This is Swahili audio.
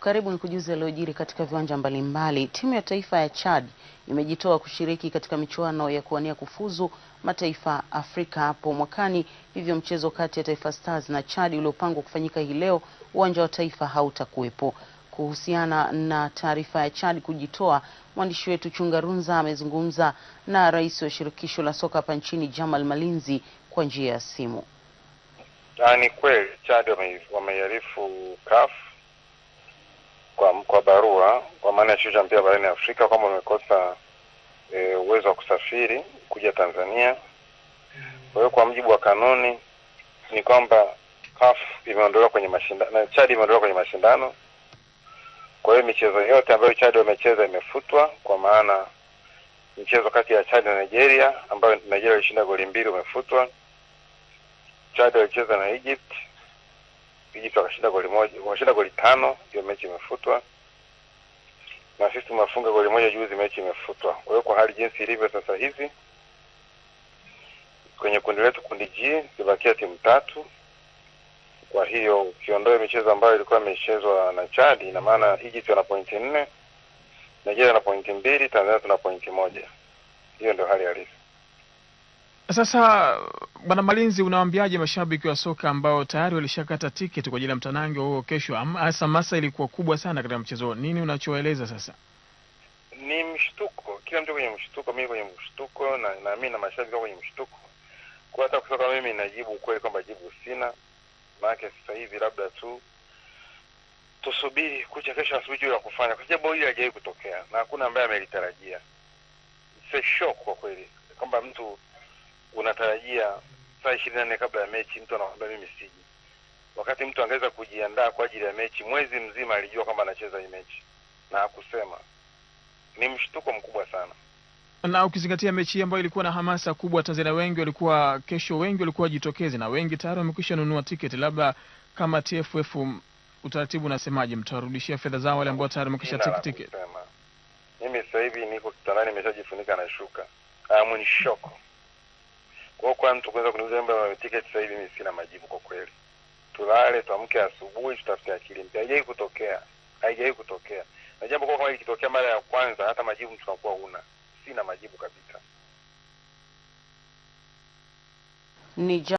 Karibu ni kujuza yaliyojiri katika viwanja mbalimbali. Timu ya taifa ya Chad imejitoa kushiriki katika michuano ya kuwania kufuzu mataifa Afrika hapo mwakani, hivyo mchezo kati ya Taifa Stars na Chad uliopangwa kufanyika hii leo uwanja wa taifa hautakuwepo. Kuhusiana na taarifa ya Chad kujitoa, mwandishi wetu Chungarunza amezungumza na rais wa shirikisho la soka hapa nchini Jamal Malinzi kwa njia ya simu. Ah, ni kweli Chad wameiarifu wame CAF kwa barua kwa maana ya shirikisho la mpira barani Afrika kwamba umekosa e, uwezo wa kusafiri kuja Tanzania. Kwa hiyo kwa mjibu wa kanuni ni kwamba CAF imeondolewa kwenye mashindano na Chad imeondolewa kwenye mashindano. Kwa hiyo michezo yote ambayo Chad wamecheza imefutwa, kwa maana mchezo kati ya Chad na Nigeria ambayo Nigeria ilishinda goli mbili umefutwa. Chad walicheza na Egypt, Egypt wakashinda goli moja, wakashinda goli tano, hiyo mechi imefutwa na sisi tumefunga goli moja juzi, mechi imefutwa. Kwa hiyo kwa hali jinsi ilivyo sasa hivi kwenye kundi letu, kundi G, zibakia timu tatu. Kwa hiyo ukiondoa michezo ambayo ilikuwa imechezwa na Chad, ina maana Egypt wana pointi nne, Nigeria na pointi mbili, Tanzania tuna pointi moja. Hiyo ndio hali halisi. Sasa bwana Malinzi, unawaambiaje mashabiki wa soka ambao tayari walishakata tiketi kwa ajili ya mtanange huo kesho? Hasa masa ilikuwa kubwa sana katika mchezo, nini unachoeleza sasa? Ni mshtuko, kila mtu kwenye mshtuko, mimi kwenye mshtuko na na mimi na mashabiki kwenye mshtuko, kwa hata kutoka mimi najibu ukweli kwamba jibu sina, maanake sasa hivi labda tu tusubiri kucha kesho asubuhi juu ya kufanya, kwa sababu hili halijawahi kutokea na hakuna ambaye amelitarajia. It's shock kwa kweli kwamba mtu unatarajia saa ishirini na nne kabla ya mechi mtu anakwambia mimi siji, wakati mtu angeweza kujiandaa kwa ajili ya mechi mwezi mzima, alijua kwamba anacheza hii mechi na akusema Ni mshtuko mkubwa sana na ukizingatia mechi hii ambayo ilikuwa na hamasa kubwa, Tanzania wengi walikuwa kesho, wengi walikuwa wajitokezi, na wengi tayari wamekwisha nunua tiketi. Labda kama TFF, utaratibu unasemaje? Mtawarudishia fedha zao wale ambao tayari wamekwisha tiketi? Mimi sasa hivi niko kitandani, nimeshajifunika na shuka, I'm in shock. Kwa kwa mtu kuweza kuniuliza mambo ya tiketi sasa hivi mimi sina majibu kwa kweli. Tulale tuamke asubuhi tutafute akili mpya. haijai kutokea. Haijai kutokea. Na jambo kwa kama ikitokea mara ya kwanza hata majibu mtakuwa una Sina majibu kabisa. Ni